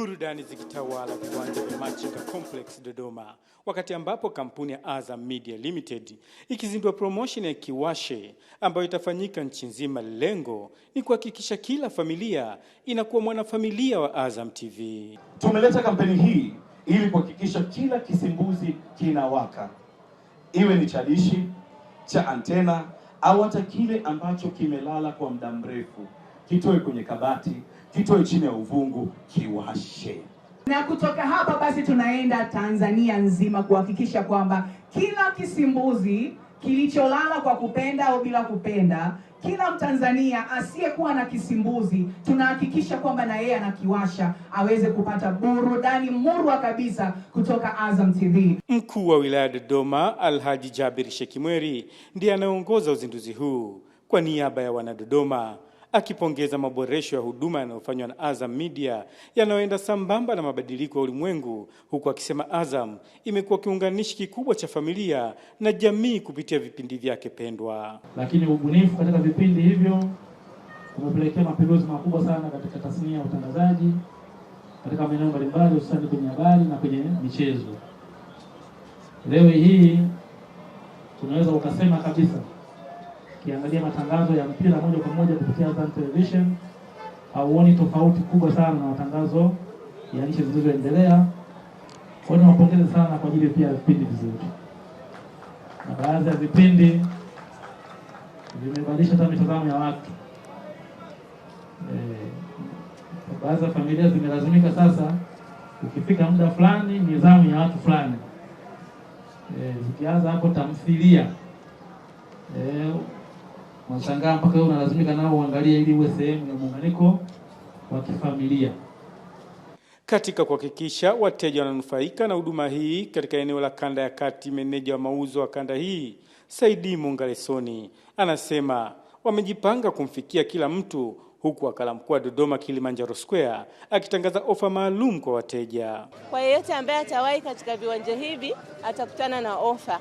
burudani zikitawala viwanja vya Machinga Complex Dodoma, wakati ambapo kampuni ya Azam Media Limited ikizindua promotion ya Kiwashe ambayo itafanyika nchi nzima. Lengo ni kuhakikisha kila familia inakuwa mwanafamilia wa Azam TV. Tumeleta kampeni hii ili kuhakikisha kila kisimbuzi kinawaka, iwe ni cha dishi, cha antena au hata kile ambacho kimelala kwa muda mrefu kitoe kwenye kabati, kitoe chini ya uvungu, kiwashe. Na kutoka hapa basi tunaenda Tanzania nzima kuhakikisha kwamba kila kisimbuzi kilicholala kwa kupenda au bila kupenda, kila Mtanzania asiyekuwa na kisimbuzi tunahakikisha kwamba na yeye anakiwasha aweze kupata burudani murwa kabisa kutoka Azam TV. Mkuu wa wilaya Dodoma Alhaji Jabir Shekimweri ndiye anayeongoza uzinduzi huu kwa niaba ya wanadodoma akipongeza maboresho ya huduma yanayofanywa na Azam Media yanayoenda sambamba na mabadiliko ya ulimwengu, huku akisema Azam imekuwa kiunganishi kikubwa cha familia na jamii kupitia vipindi vyake pendwa. Lakini ubunifu katika vipindi hivyo umepelekea mapinduzi makubwa sana katika tasnia ya utangazaji katika maeneo mbalimbali, hususani kwenye habari na kwenye michezo. Leo hii tunaweza ukasema kabisa kiangalia matangazo ya mpira moja kwa moja kupitia Azam Television hauoni tofauti kubwa sana na matangazo ya nchi zilizoendelea. Kwa hiyo niwapongeze sana kwa ajili pia ya vipindi vizuri, na baadhi ya vipindi vimebadilisha hata mitazamo ya watu e, baadhi ya familia zimelazimika sasa, ukifika muda fulani nidhamu ya watu fulani e, zikianza hapo tamthilia e, unashangaa mpaka wewe unalazimika nao uangalie ili uwe sehemu ya muunganiko wa kifamilia. Katika kuhakikisha wateja wananufaika na huduma hii katika eneo la kanda ya kati, meneja wa mauzo wa kanda hii Saidi Mungalesoni anasema wamejipanga kumfikia kila mtu, huku wakala mkuu wa Dodoma Kilimanjaro Square akitangaza ofa maalum kwa wateja. Kwa yeyote ambaye atawahi katika viwanja hivi atakutana na ofa.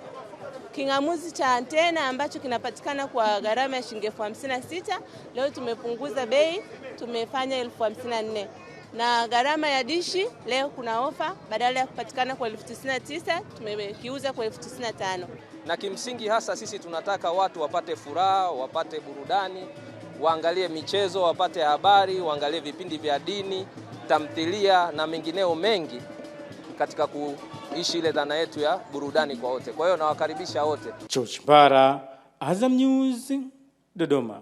King'amuzi cha antena ambacho kinapatikana kwa gharama ya shilingi elfu hamsini na sita leo tumepunguza bei, tumefanya elfu hamsini na nne na gharama ya dishi leo kuna ofa, badala ya kupatikana kwa elfu tisini na tisa tumekiuza kwa elfu tisini na tano Na kimsingi hasa sisi tunataka watu wapate furaha, wapate burudani, waangalie michezo, wapate habari, waangalie vipindi vya dini, tamthilia na mengineo mengi katika ku ishi ile dhana yetu ya burudani kwa wote. Kwa hiyo nawakaribisha wote. George Mbara, Azam News, Dodoma.